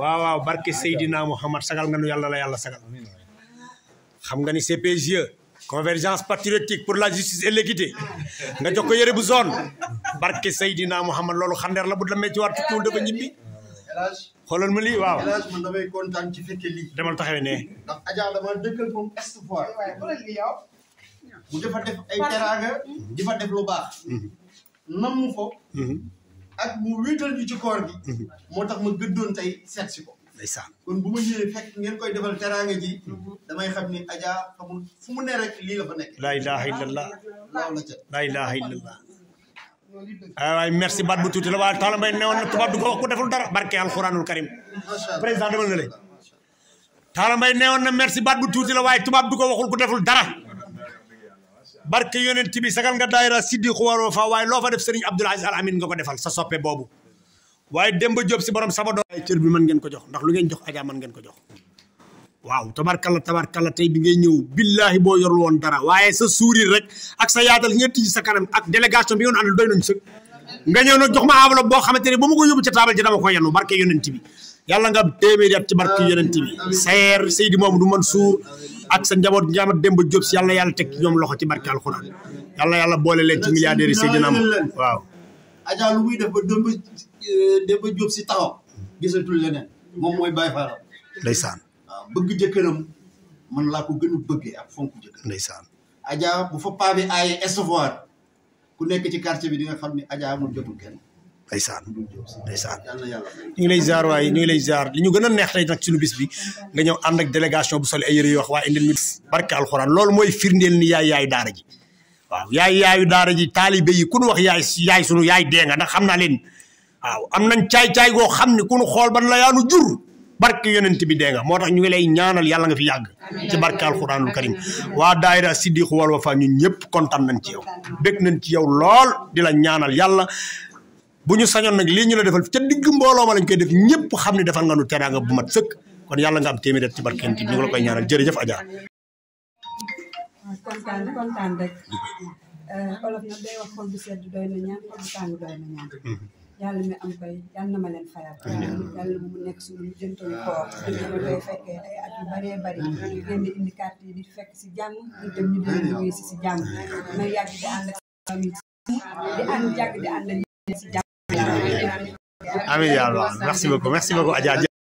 waaw waaw barke Seydina Mouhamad sagal nga nu yàlla la yàlla sagal xam nga ni CPGE convergence patriotique pour la justice et l'équité nga jox ko yëre bu zone barke Seydina Mouhamad loolu xandeer la bu demee ci war tukkiwul dafa ñibbi xoolal ma lii waaw village kontaan ci fekke lii demal taxawee ne ndax Adja dama dëkkal def ay teraanga di fa def lu baax mhm. nam mu mhm. ak mu wéetal ñu ci koor gi mhm. tax ma gëddoon tey seet si ko ndeysaan kon bu ma ñëwee fekk ngeen koy defal teraanga ji mhm. damay xam ni Adja xamul fu mu ne rek lii la fa laa ilaha illallah laaw la ca laa ilaha illallah ah bu tuuti la waa Talla Mbaye newoon na tubaab du wax ku deful dara barke alxuraanul karim président demal na lay Talla Mbaye newoon na merci baat bu tuuti la waaye tubaab du ko waxul ku deful dara barke yonent bi sagal nga daayira siddiqu waroo fa waaye loo fa def sëriñ Abdoul Aziz Al nga ko defal sa soppe boobu waaye Demba borom sama doom bi mën ngeen ko jox ndax lu ngeen jox Adja mën ngeen ko jox waaw tabarkalla tabarkalla tey bi ngay ñëw billahi boo yorul woon dara waaye sa sourire rek ak sa yaatal nga sa kanam ak délégation bi ngeen àndal doy nañu sëg jox ma enveloppe boo xamante ne ba ma ko yóbbu ca ko yenu barke yonent bi yàlla nga téeméeri at ci barke yonent bi seer Seydi Mamadou Mansour ak sa njaboot njaamat Demba Diop si yàlla yàlla teg ñoom loxo ci barke alxuraan yàlla yàlla boole leen ci milliardaires yi Seydina Muhammad waaw. Adja lu muy def ba Demba Demba Diop si taxaw gisatul leneen moom mooy Baye Fall. ndeysaan waaw bëgg jëkkëram man laa ko gën a bëggee ak fonk jëkkër. ndeysaan. Adja bu fa paa bi aaye estevoir ku nekk ci quartier bi di nga xam ne Adja amul jotul kenn. ndeysaan ndeysaan ñu ngi lay ziar waaye ñu ngi lay genre li ñu gën a neex tey nag suñu bis bi nga ñëw ànd ak bu sol ay yëre yoo wax waaye indil ñu barke alxuraan loolu mooy firndeel ni yaay yaayu daara ji waaw yaay yaayu daara ji taalibe yi ku nu wax yaay yaay sunu yaay dee nga ndax xam naa leen waaw am nañ caay-caay goo xam ne ku nu xool ban la yaanu jur barke yonent bi dee nga moo tax ñu ngi lay ñaanal yàlla nga fi yàgg ci barke alxuraanul karim waa daayira Siddiq wal Wafa ñun ñëpp kontaan nañ ci yow bég nañ ci yow lool la ñaanal bu ñu sañoon nag lii ñu la defal ca digg mbooloo ma lañ def ñëpp xam ne defal nga nu teraanga bu mat sëkk kon yàlla nga am téeméer ci barkent ñu ngi la koy ñaanal jërëjëf euh, na ñaan ñaan. yàlla mi am koy yàlla na ma leen fayal. yàlla mu nekk suñu jëntoon koor. dama koy fekkee di fekk si jàng di dem ñu ñu si si amiin yaa Allah merci beaucoup merci beaucoup Adja